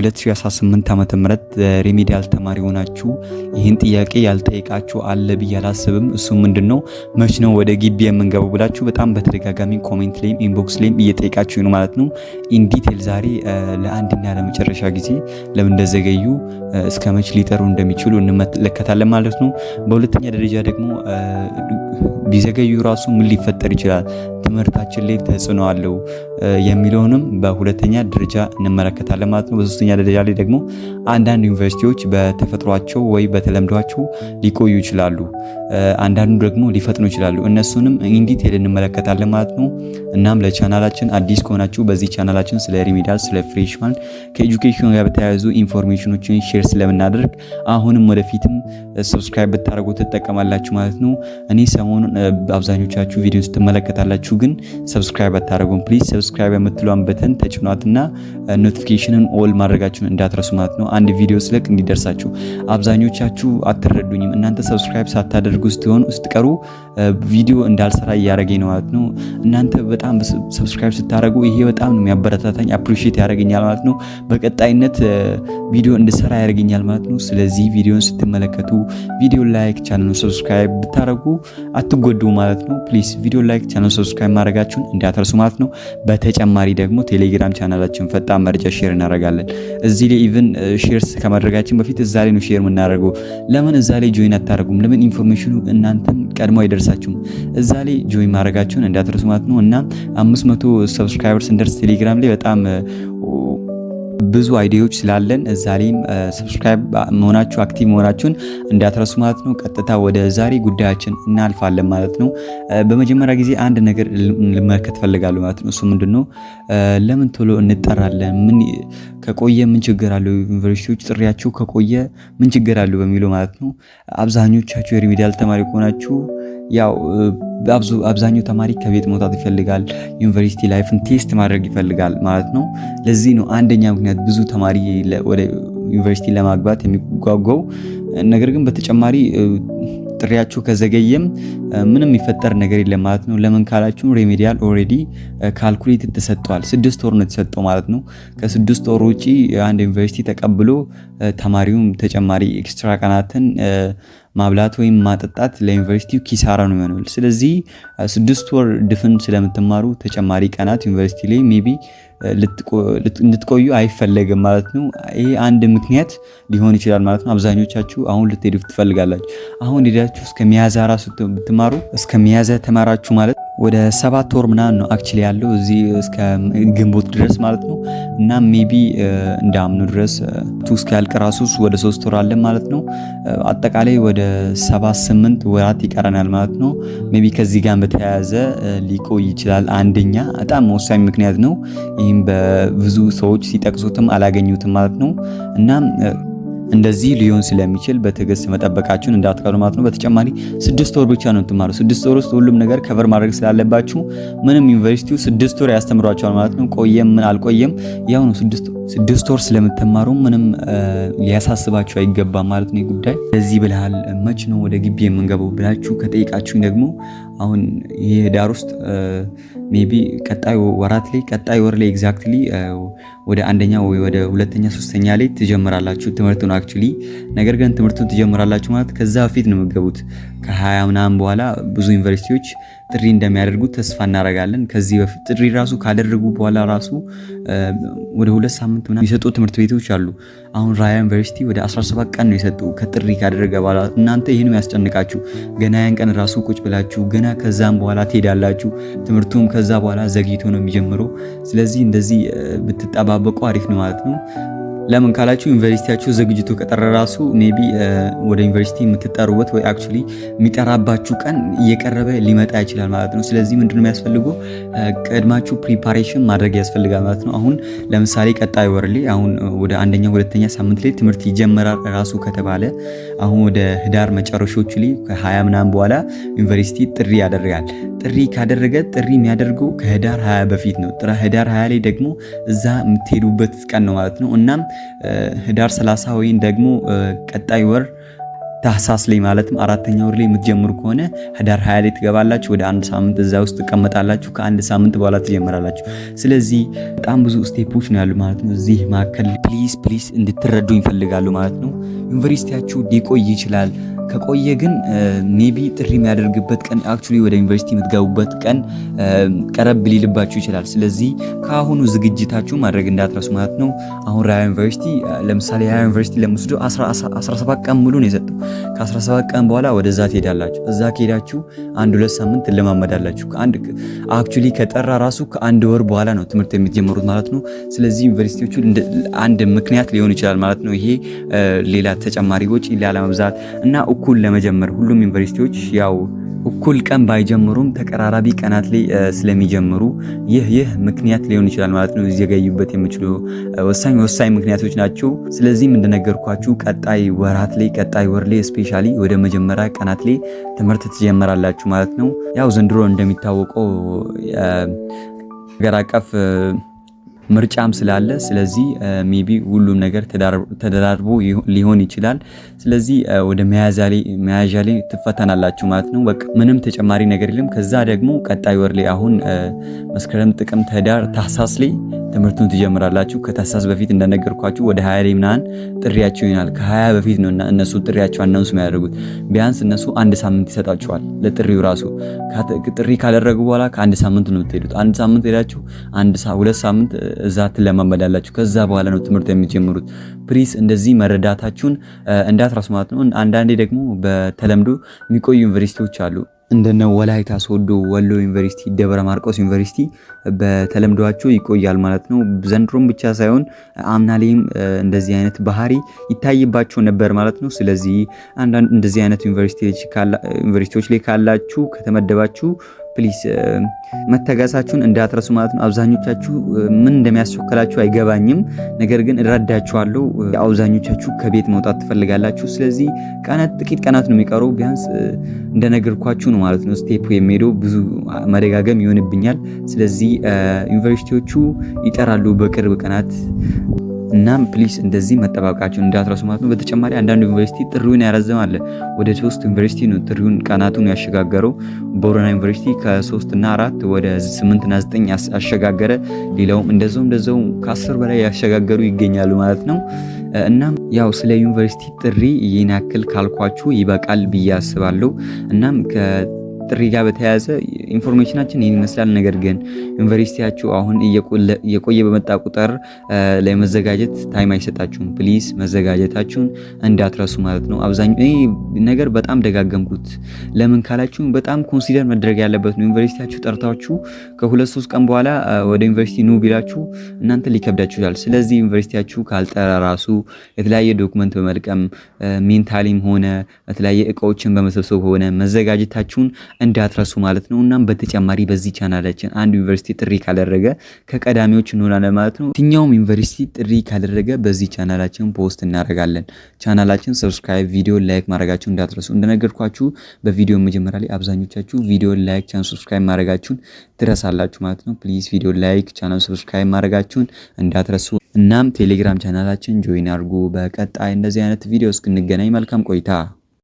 2018 ዓ ም ሪሚዲያል ተማሪ ሆናችሁ ይህን ጥያቄ ያልጠየቃችሁ አለ ብዬ አላስብም። እሱ ምንድን ነው መች ነው ወደ ግቢ የምንገባው ብላችሁ በጣም በተደጋጋሚ ኮሜንት ላይም ኢንቦክስ ላይም እየጠይቃችሁ ነው ማለት ነው። ኢንዲቴል ዛሬ ለአንድና ለመጨረሻ ጊዜ ለምን እንደዘገዩ እስከ መች ሊጠሩ እንደሚችሉ እንመለከታለን ማለት ነው። በሁለተኛ ደረጃ ደግሞ ቢዘገዩ ራሱ ምን ሊፈጠር ይችላል፣ ትምህርታችን ላይ ተጽዕኖ አለው የሚለውንም በሁለተኛ ደረጃ እንመለከታለን ማለት ነው። በሶስተኛ ደረጃ ላይ ደግሞ አንዳንድ ዩኒቨርሲቲዎች በተፈጥሯቸው ወይ በተለምዷቸው ሊቆዩ ይችላሉ፣ አንዳንዱ ደግሞ ሊፈጥኑ ይችላሉ። እነሱንም ኢንዲቴል እንመለከታለን ማለት ነው። እናም ለቻናላችን አዲስ ከሆናችሁ በዚህ ቻናላችን ስለ ሪሚዲያል፣ ስለ ፍሬሽማን ከኤጁኬሽን ጋር በተያያዙ ኢንፎርሜሽኖችን ሼር ስለምናደርግ አሁንም ወደፊትም ሰብስክራይብ ብታደርጉ ትጠቀማላችሁ ማለት ነው። እኔ ሰሞኑን አብዛኞቻችሁ ቪዲዮ ስትመለከታላችሁ፣ ግን ሰብስክራይብ አታደርጉም ፕሊዝ ሰብስክራይብ የምትሏን በተን ተጭኗትና ኖቲፊኬሽንን uh, ኦል ማድረጋችሁን እንዳትረሱ ማለት ነው። አንድ ቪዲዮ ስለቅ እንዲደርሳችሁ። አብዛኞቻችሁ አትረዱኝም። እናንተ ሰብስክራይብ ሳታደርጉ ስትሆኑ ስትቀሩ uh, ቪዲዮ እንዳልሰራ እያደረገኝ ነው ማለት ነው። እናንተ በጣም ሰብስክራይብ ስታደረጉ ይሄ በጣም ነው የሚያበረታታኝ፣ አፕሪሺየት ያደረገኛል ማለት ነው። በቀጣይነት uh, ቪዲዮ እንድሰራ ያደርገኛል ማለት ነው። ስለዚህ ቪዲዮን ስትመለከቱ ቪዲዮ ላይክ፣ ቻናሉን ሰብስክራይብ ብታደረጉ አትጎዱ ማለት ነው። ፕሊስ ቪዲዮ ላይክ፣ ቻናሉን ሰብስክራይብ ማድረጋችሁን እንዳትረሱ ማለት ነው። በተጨማሪ ደግሞ ቴሌግራም ቻናላችን ፈጣን መረጃ ሼር እናደርጋለን። እዚህ ላይ ኢቨን ሼርስ ከማድረጋችን በፊት እዛ ላይ ነው ሼር የምናደርገው። ለምን እዛ ላይ ጆይን አታደርጉም? ለምን ኢንፎርሜሽኑ እናንተን ቀድሞ አይደርሳችሁም? እዛ ላይ ጆይን ማድረጋችሁን እንዳትረሱ ማለት ነው እና አምስት መቶ ሰብስክራይበርስ እንደርስ ቴሌግራም ላይ በጣም ብዙ አይዲዎች ስላለን እዛ ላይም ሰብስክራይብ መሆናችሁ አክቲቭ መሆናችሁን እንዳትረሱ ማለት ነው። ቀጥታ ወደ ዛሬ ጉዳያችን እናልፋለን ማለት ነው። በመጀመሪያ ጊዜ አንድ ነገር ልመለከት ፈልጋሉ ማለት ነው። እሱ ምንድን ነው? ለምን ቶሎ እንጠራለን? ምን ከቆየ ምን ችግር አለው? ዩኒቨርሲቲዎች ጥሪያችሁ ከቆየ ምን ችግር አለው በሚለው ማለት ነው። አብዛኞቻችሁ የሪሚዲያል ተማሪ ከሆናችሁ ያው አብዛኛው ተማሪ ከቤት መውጣት ይፈልጋል። ዩኒቨርሲቲ ላይፍን ቴስት ማድረግ ይፈልጋል ማለት ነው። ለዚህ ነው አንደኛ ምክንያት ብዙ ተማሪ ወደ ዩኒቨርሲቲ ለማግባት የሚጓጓው። ነገር ግን በተጨማሪ ጥሪያችሁ ከዘገየም ምንም የሚፈጠር ነገር የለም ማለት ነው። ለምን ካላችሁ ሬሜዲያል ኦልሬዲ ካልኩሌት ተሰጥቷል። ስድስት ወር ነው የተሰጠው ማለት ነው። ከስድስት ወር ውጪ አንድ ዩኒቨርሲቲ ተቀብሎ ተማሪውም ተጨማሪ ኤክስትራ ቀናትን ማብላት ወይም ማጠጣት ለዩኒቨርሲቲው ኪሳራ ነው የሚሆነው። ስለዚህ ስድስት ወር ድፍን ስለምትማሩ ተጨማሪ ቀናት ዩኒቨርሲቲ ላይ ሜቢ እንድትቆዩ አይፈለግም ማለት ነው። ይሄ አንድ ምክንያት ሊሆን ይችላል ማለት ነው። አብዛኞቻችሁ አሁን ልትሄዱ ትፈልጋላችሁ። አሁን ሄዳችሁ እስከ ሚያዝያ ራሱ ብትማሩ እስከ ሚያዝያ ተማራችሁ ማለት ወደ ሰባት ወር ምናምን ነው አክቹሊ ያለው እዚህ እስከ ግንቦት ድረስ ማለት ነው። እና ሜቢ እንደ አምኑ ድረስ ቱ እስኪያልቅ ራሱ ወደ ሶስት ወር አለ ማለት ነው። አጠቃላይ ወደ ሰባት ስምንት ወራት ይቀረናል ማለት ነው። ሜቢ ከዚህ ጋር በተያያዘ ሊቆይ ይችላል። አንደኛ በጣም ወሳኝ ምክንያት ነው። ይህም በብዙ ሰዎች ሲጠቅሱትም አላገኙትም ማለት ነው እና እንደዚህ ሊሆን ስለሚችል በትዕግስት መጠበቃችሁን እንዳትቀሩ ማለት ነው። በተጨማሪ ስድስት ወር ብቻ ነው የምትማሩ። ስድስት ወር ውስጥ ሁሉም ነገር ከቨር ማድረግ ስላለባችሁ ምንም ዩኒቨርሲቲው ስድስት ወር ያስተምሯቸዋል ማለት ነው። ቆየም ምን አልቆየም ያው ነው ስድስት ስድስት ወር ስለምትማሩ ምንም ሊያሳስባችሁ አይገባም ማለት ነው ጉዳይ። ለዚህ ብልሃል መች ነው ወደ ግቢ የምንገባው ብላችሁ ከጠይቃችሁ ደግሞ አሁን ይህ ህዳር ውስጥ ሜይ ቢ ቀጣይ ወራት ላይ ቀጣይ ወር ላይ ኤግዛክትሊ ወደ አንደኛ ወይ ወደ ሁለተኛ ሶስተኛ ላይ ትጀምራላችሁ ትምህርቱን አክቹሊ። ነገር ግን ትምህርቱን ትጀምራላችሁ ማለት ከዛ በፊት ነው የምትገቡት ከሀያ ምናምን በኋላ ብዙ ዩኒቨርሲቲዎች ጥሪ እንደሚያደርጉ ተስፋ እናደርጋለን። ከዚህ በፊት ጥሪ ራሱ ካደረጉ በኋላ ራሱ ወደ ሁለት ሳምንት ምናምን የሰጡ ትምህርት ቤቶች አሉ። አሁን ራያ ዩኒቨርሲቲ ወደ 17 ቀን ነው የሰጡ ከጥሪ ካደረገ በኋላ። እናንተ ይህን ያስጨንቃችሁ። ገና ያን ቀን ራሱ ቁጭ ብላችሁ ገና ከዛም በኋላ ትሄዳላችሁ። ትምህርቱም ከዛ በኋላ ዘግይቶ ነው የሚጀምረው። ስለዚህ እንደዚህ ብትጠባበቁ አሪፍ ነው ማለት ነው። ለምን ካላችሁ ዩኒቨርሲቲያችሁ ዝግጅቱ ቀጠረ ራሱ ሜቢ ወደ ዩኒቨርሲቲ የምትጠሩበት ወይ አክቹሊ የሚጠራባችሁ ቀን እየቀረበ ሊመጣ ይችላል ማለት ነው። ስለዚህ ምንድን ነው የሚያስፈልገው? ቀድማችሁ ፕሪፓሬሽን ማድረግ ያስፈልጋል ማለት ነው። አሁን ለምሳሌ ቀጣይ ወር ላይ አሁን ወደ አንደኛ ሁለተኛ ሳምንት ላይ ትምህርት ይጀመራል ራሱ ከተባለ አሁን ወደ ህዳር መጨረሻዎቹ ላይ ከሀያ ምናምን በኋላ ዩኒቨርሲቲ ጥሪ ያደርጋል። ጥሪ ካደረገ ጥሪ የሚያደርገው ከህዳር ሀያ በፊት ነው። ህዳር ሀያ ላይ ደግሞ እዛ የምትሄዱበት ቀን ነው ማለት ነው እናም ህዳር 30 ወይም ደግሞ ቀጣይ ወር ታህሳስ ላይ ማለትም አራተኛ ወር ላይ የምትጀምሩ ከሆነ ህዳር 20 ላይ ትገባላችሁ። ወደ አንድ ሳምንት እዛ ውስጥ ትቀመጣላችሁ። ከአንድ ሳምንት በኋላ ትጀምራላችሁ። ስለዚህ በጣም ብዙ ስቴፖች ነው ያሉ ማለት ነው። እዚህ መካከል ፕሊዝ ፕሊዝ እንድትረዱ ይፈልጋሉ ማለት ነው። ዩኒቨርሲቲያችሁ ሊቆይ ይችላል። ከቆየ ግን ሜቢ ጥሪ የሚያደርግበት ቀን አክቹዋሊ ወደ ዩኒቨርሲቲ የምትገቡበት ቀን ቀረብ ሊልባችሁ ይችላል። ስለዚህ ከአሁኑ ዝግጅታችሁ ማድረግ እንዳትረሱ ማለት ነው። አሁን ራያ ዩኒቨርሲቲ ለምሳሌ ራያ ዩኒቨርሲቲ ለምስዶ 17 ቀን ሙሉ ነው የሰጠው። ከ17 ቀን በኋላ ወደዛ ትሄዳላችሁ። እዛ ከሄዳችሁ አንድ ሁለት ሳምንት ትለማመዳላችሁ። አክቹዋሊ ከጠራ ራሱ ከአንድ ወር በኋላ ነው ትምህርት የምትጀምሩት ማለት ነው። ስለዚህ ዩኒቨርሲቲዎቹ አንድ ምክንያት ሊሆን ይችላል ማለት ነው። ይሄ ሌላ ተጨማሪ ወጪ ላለመብዛት እና እኩል ለመጀመር ሁሉም ዩኒቨርሲቲዎች ያው እኩል ቀን ባይጀምሩም ተቀራራቢ ቀናት ላይ ስለሚጀምሩ ይህ ይህ ምክንያት ሊሆን ይችላል ማለት ነው። ሊዘገዩበት የሚችሉ ወሳኝ ወሳኝ ምክንያቶች ናቸው። ስለዚህም እንደነገርኳችሁ ቀጣይ ወራት ላይ ቀጣይ ወር ላይ ስፔሻሊ ወደ መጀመሪያ ቀናት ላይ ትምህርት ትጀምራላችሁ ማለት ነው። ያው ዘንድሮ እንደሚታወቀው ሀገር አቀፍ ምርጫም ስላለ ስለዚህ ሜቢ ሁሉም ነገር ተደራርቦ ሊሆን ይችላል። ስለዚህ ወደ መያዣ ላይ ትፈተናላችሁ ማለት ነው። በቃ ምንም ተጨማሪ ነገር የለም። ከዛ ደግሞ ቀጣይ ወር ላይ አሁን መስከረም፣ ጥቅምት፣ ህዳር፣ ታህሳስ ላይ ትምህርቱን ትጀምራላችሁ። ከታሳስ በፊት እንደነገርኳችሁ ወደ ሀያ ላይ ምናምን ጥሪያቸው ይሆናል። ከሀያ በፊት ነው እነሱ ጥሪያቸው አናውንስ የሚያደርጉት። ቢያንስ እነሱ አንድ ሳምንት ይሰጣችኋል ለጥሪው ራሱ። ጥሪ ካደረጉ በኋላ ከአንድ ሳምንት ነው የምትሄዱት። አንድ ሳምንት ሄዳችሁ ሁለት ሳምንት እዛ ትለማመዳላችሁ። ከዛ በኋላ ነው ትምህርት የሚጀምሩት። ፕሪስ እንደዚህ መረዳታችሁን እንዳትረሱ ማለት ነው። አንዳንዴ ደግሞ በተለምዶ የሚቆዩ ዩኒቨርሲቲዎች አሉ እንደነ ወላይታ ሶዶ፣ ወሎ ዩኒቨርሲቲ፣ ደብረ ማርቆስ ዩኒቨርሲቲ በተለምዷቸው ይቆያል ማለት ነው። ዘንድሮም ብቻ ሳይሆን አምና ላይም እንደዚህ አይነት ባህሪ ይታይባቸው ነበር ማለት ነው። ስለዚህ አንዳንድ እንደዚህ አይነት ዩኒቨርሲቲዎች ላይ ካላችሁ ከተመደባችሁ ፕሊስ መተጋሳችሁን እንዳትረሱ ማለት ነው። አብዛኞቻችሁ ምን እንደሚያስቸኩላችሁ አይገባኝም፣ ነገር ግን እረዳችኋለሁ። አብዛኞቻችሁ ከቤት መውጣት ትፈልጋላችሁ። ስለዚህ ቀናት ጥቂት ቀናት ነው የሚቀሩ ቢያንስ እንደነገርኳችሁ ነው ማለት ነው። ስቴፕ የሚሄደው ብዙ መደጋገም ይሆንብኛል። ስለዚህ ዩኒቨርሲቲዎቹ ይጠራሉ በቅርብ ቀናት እናም ፕሊስ እንደዚህ መጠባበቃቸውን እንዳትረሱ ማለት ነው። በተጨማሪ አንዳንዱ ዩኒቨርሲቲ ጥሪውን ያረዘማል። ወደ ሶስት ዩኒቨርሲቲ ነው ጥሪውን ቀናቱን ያሸጋገረው። ቦረና ዩኒቨርሲቲ ከሶስት እና አራት ወደ ስምንት ስምንትና ዘጠኝ አሸጋገረ። ሌላውም እንደዛው እንደዛው ከአስር በላይ ያሸጋገሩ ይገኛሉ ማለት ነው። እናም ያው ስለ ዩኒቨርሲቲ ጥሪ ይህን ያክል ካልኳችሁ ይበቃል ብዬ አስባለሁ። እናም ጥሪ ጋር በተያያዘ ኢንፎርሜሽናችን ይህን ይመስላል። ነገር ግን ዩኒቨርሲቲያችሁ አሁን እየቆየ በመጣ ቁጥር ለመዘጋጀት ታይም አይሰጣችሁም። ፕሊስ መዘጋጀታችሁን እንዳትረሱ ማለት ነው። አብዛኛው ይህ ነገር በጣም ደጋገምኩት። ለምን ካላችሁ በጣም ኮንሲደር መደረግ ያለበት ነው። ዩኒቨርሲቲያችሁ ጠርታችሁ ከሁለት ሶስት ቀን በኋላ ወደ ዩኒቨርሲቲ ኑ ቢላችሁ እናንተ ሊከብዳችሁ ይችላል። ስለዚህ ዩኒቨርሲቲያችሁ ካልጠራ ራሱ የተለያየ ዶክመንት በመልቀም ሜንታሊም ሆነ የተለያየ እቃዎችን በመሰብሰብ ሆነ መዘጋጀታችሁን እንዳትረሱ ማለት ነው። እናም በተጨማሪ በዚህ ቻናላችን አንድ ዩኒቨርሲቲ ጥሪ ካደረገ ከቀዳሚዎች እንሆናለን ማለት ነው። የትኛውም ዩኒቨርሲቲ ጥሪ ካደረገ በዚህ ቻናላችን ፖስት እናደርጋለን። ቻናላችን ሰብስክራይብ፣ ቪዲዮ ላይክ ማድረጋችሁ እንዳትረሱ። እንደነገርኳችሁ በቪዲዮ መጀመሪያ ላይ አብዛኞቻችሁ ቪዲዮ ላይክ፣ ቻናል ሰብስክራይብ ማድረጋችሁን ትረሳላችሁ ማለት ነው። ፕሊዝ ቪዲዮ ላይክ፣ ቻናል ሰብስክራይብ ማድረጋችሁን እንዳትረሱ። እናም ቴሌግራም ቻናላችን ጆይን አድርጉ። በቀጣይ እንደዚህ አይነት ቪዲዮ እስክንገናኝ መልካም ቆይታ